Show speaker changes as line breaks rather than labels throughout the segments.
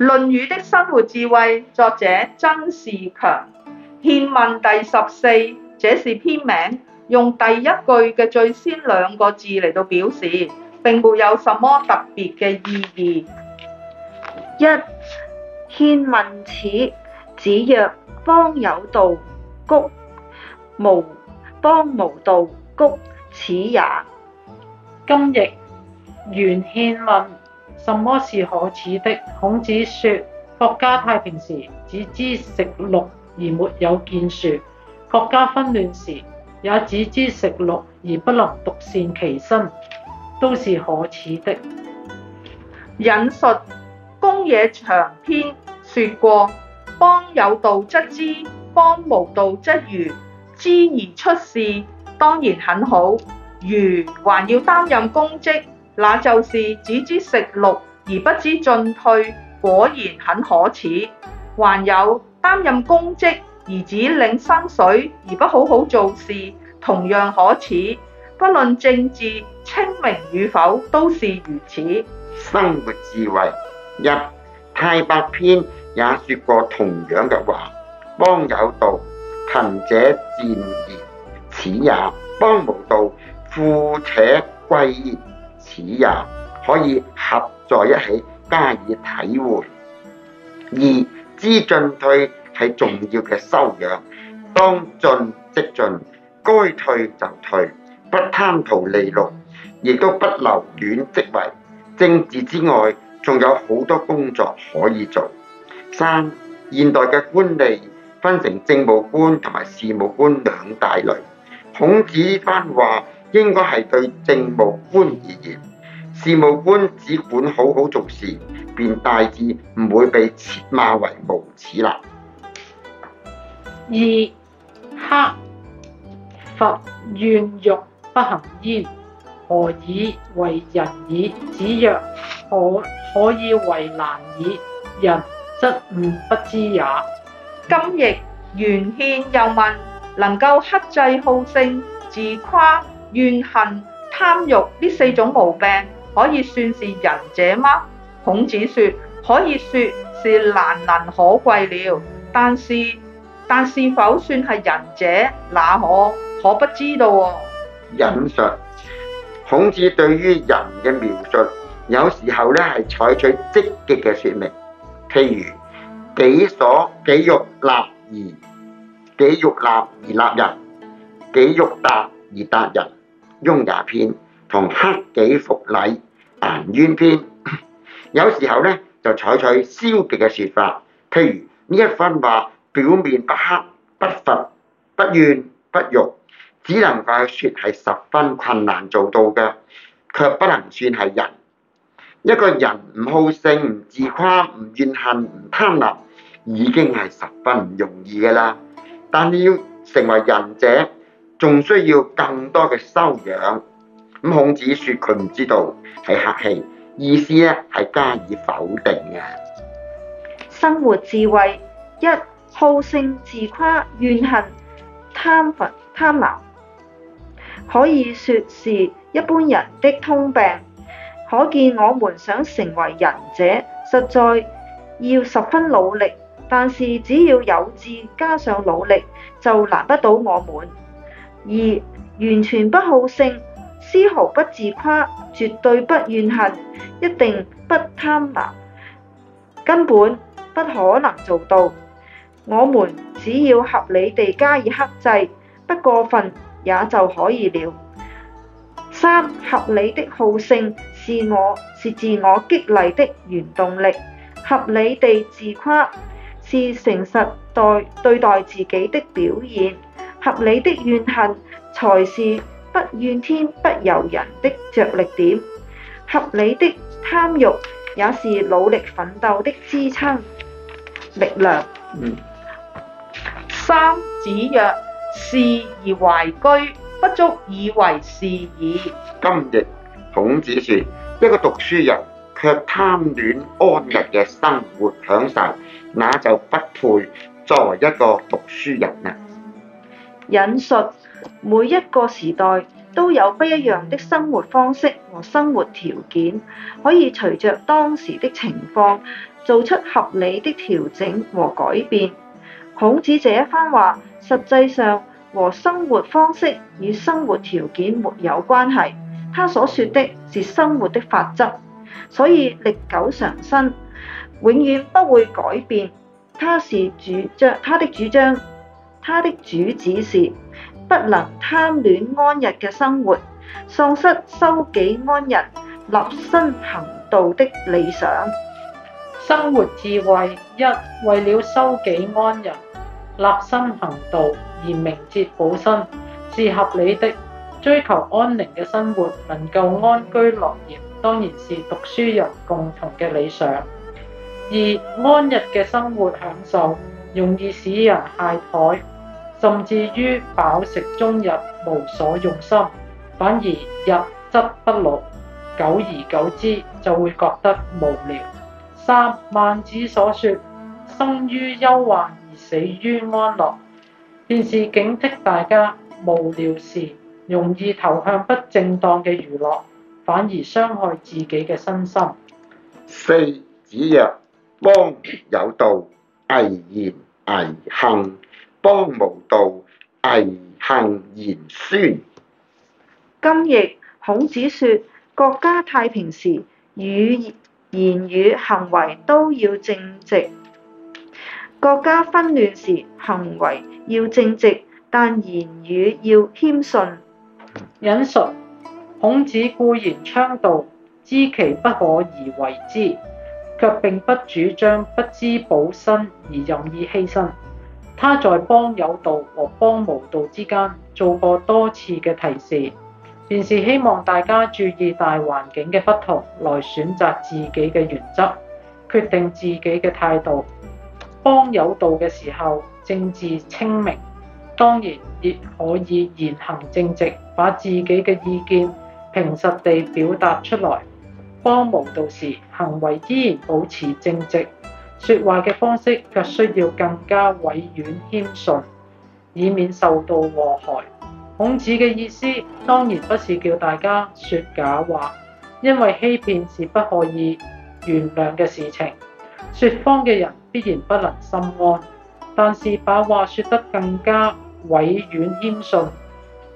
《論語》的生活智慧，作者曾仕強。憲問第十四，這是篇名，用第一句嘅最先兩個字嚟到表示，並沒有什麼特別嘅意義。一
憲問恥，子曰：邦有道，谷；無邦無道，谷。恥也。
今譯原憲問。什麼是可恥的？孔子說：國家太平時，只知食禄而沒有建樹；國家紛亂時，也只知食禄而不能獨善其身，
都是可恥的。引述《公冶長篇》說過：邦有道則知，邦無道則愚。知而出仕，當然很好；愚還要擔任公職。那就是只知食祿而不知進退，果然很可恥。還有擔任公職而只領薪水而不好好做事，同樣可恥。不論政治清
明與否，都是如此。生活智慧《泰伯篇》也說過同樣嘅話：邦有道貧者賤而恥也，邦無道富且貴而。此也可以合在一起加以體會。二、知進退係重要嘅修養，當進即進，該退就退，不貪圖利祿，亦都不留戀職位。政治之外，仲有好多工作可以做。三、現代嘅官吏分成政務官同埋事務官兩大類。孔子番話。應該係對政務官而言，事務官只管好好做事，便大致唔會被斥罵為無恥啦。
二克伐怨欲不行焉，可以為仁矣？子曰：可可以為難矣，
仁則吾不，不知也。 今亦原憲又問：能夠克制好勝、自誇。」怨恨、貪欲呢四種毛病，可以算是仁者嗎？孔子説，可以説是難能可貴了。但是，但是否算係仁者，那可可不知道喎、
哦。隱術，孔子對於仁嘅描述，有時候咧係採取積極嘅説明。譬如己所己欲立而己欲立而立人，己欲達而達人。雍也篇同克己復禮顏淵篇，acted 有時候咧就採取消極嘅説法，譬如呢一番話，表面不克、不伐、不怨、不慾，只能夠説係十分困難做到嘅，卻不能算係仁。一個人唔好勝、唔自誇、唔怨恨、唔貪婪，已經係十分唔容易㗎啦。但你要成為仁者。仲需要更多嘅修養。咁孔子說：佢唔知道係客氣，意思咧係加以否定啊。
生活智慧一好勝、自誇、怨恨、貪婪、貪婪，可以說是一般人的通病。可見我們想成為仁者，實在要十分努力。但是只要有志加上努力，就難不倒我們。二，完全不好勝，絲毫不自誇，絕對不怨恨，一定不貪婪，根本不可能做到。我們只要合理地加以克制，不過分也就可以了。三，合理的好勝是我是自我激勵的原動力，合理地自誇，是誠實對待對待自己的表現。合理的怨恨，才是不怨天不由人的着力點，合理的貪欲也是努力奮鬥的支撐力量。嗯。三子曰：
士而懷居，不足以為士矣。
今日孔子是一個讀書人，卻貪戀安逸嘅生活享受，那就不配作為一個讀書人啦。
引述，每一個時代都有不一樣的生活方式和生活條件，可以隨着當時的情況做出合理的調整和改變。孔子這一番話實際上和生活方式與生活條件沒有關係，他所說的是生活的法則，所以歷久常新，永遠不會改變，他是主張他的主張。他的主旨是不能貪戀安逸嘅生活，喪失修己安人、立身行道的理想。生活智
慧一，為了修己安人、立身行道而明哲保身，是合理的。追求安寧嘅生活，能夠安居樂業，當然是讀書人共同嘅理想。二，安逸嘅生活享受，容易使人懈怠。甚至於飽食終日，無所用心，反而日則不勞，久而久之就會覺得無聊。三，孟子所說生於憂患而死於安樂，便是警惕大家無聊時容易投向不正當嘅娛樂，反而傷害自己嘅身心。
四，子曰：邦有道，危言危行。邦無道，危行言孫。今亦孔子說，
國家太平時，語言語行為都要正直；國家紛亂時，行為要正直，但言語要謙遜、忍熟。孔子固然
倡導知其不可而為之，卻並不主張不知保身而任意犧牲。他在邦有道和邦無道之間做過多次嘅提示，便是希望大家注意大環境嘅不同，來選擇自己嘅原則，決定自己嘅態度。邦有道嘅時候，政治清明，當然亦可以言行正直，把自己嘅意見平實地表達出來。邦無道時，行為依然保持正直。說話嘅方式卻需要更加委婉謙遜，以免受到禍害。孔子嘅意思當然不是叫大家說假話，因為欺騙是不可以原諒嘅事情。說謊嘅人必然不能心安，但是把話說得更加委婉謙遜，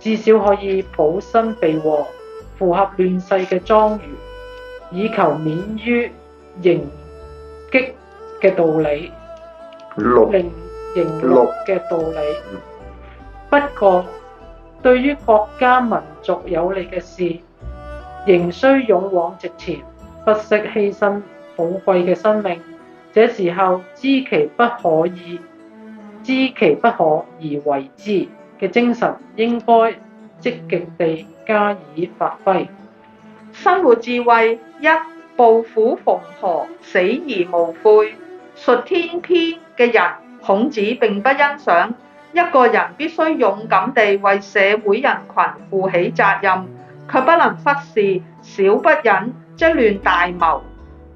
至少可以保身避禍，符合亂世嘅莊語，以求免於刑戮。嘅道理，
零
零六嘅道理。六不過對於國家民族有利嘅事，仍需勇往直前，不惜犧牲寶貴嘅生命。這時候，知其不可以，知其不可而為之嘅精神，應該積極地加以發揮。
生活智慧一：暴虎馮河，死而無悔。《述天篇》嘅人，孔子並不欣賞一個人必須勇敢地為社會人群負起責任，卻不能忽視小不忍則亂大謀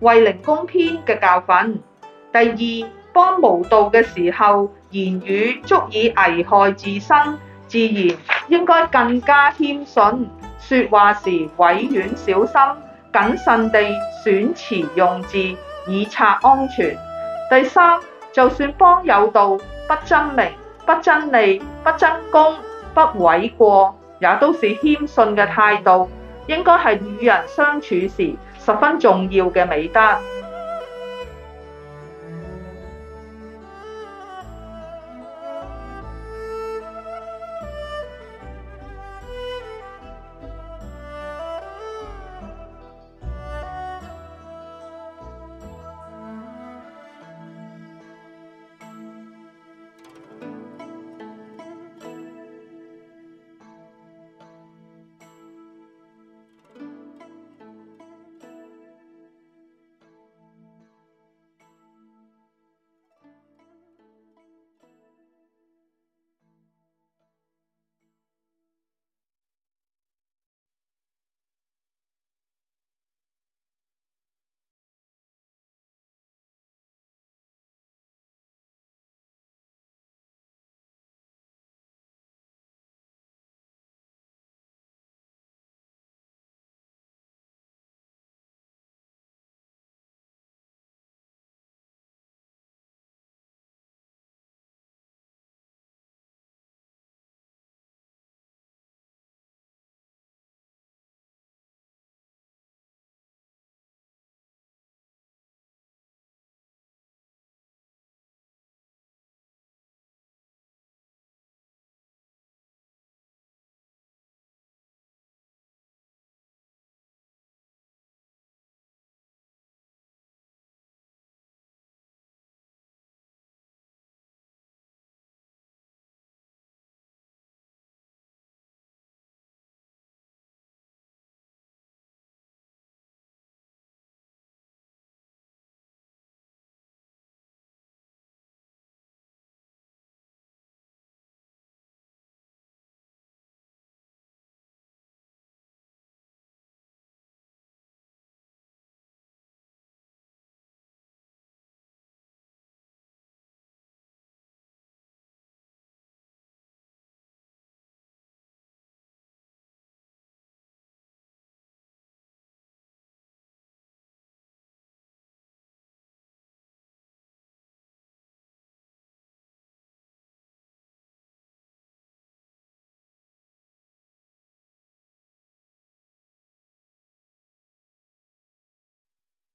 為靈公篇》嘅教訓。第二，幫無道嘅時候，言語足以危害自身，自然應該更加謙遜，說話時委婉小心，謹慎地選詞用字，以策安全。第三，就算邦有道，不爭名，不爭利，不爭功，不毀過，也都是謙遜嘅態度，應該係與人相處時十分重要嘅美德。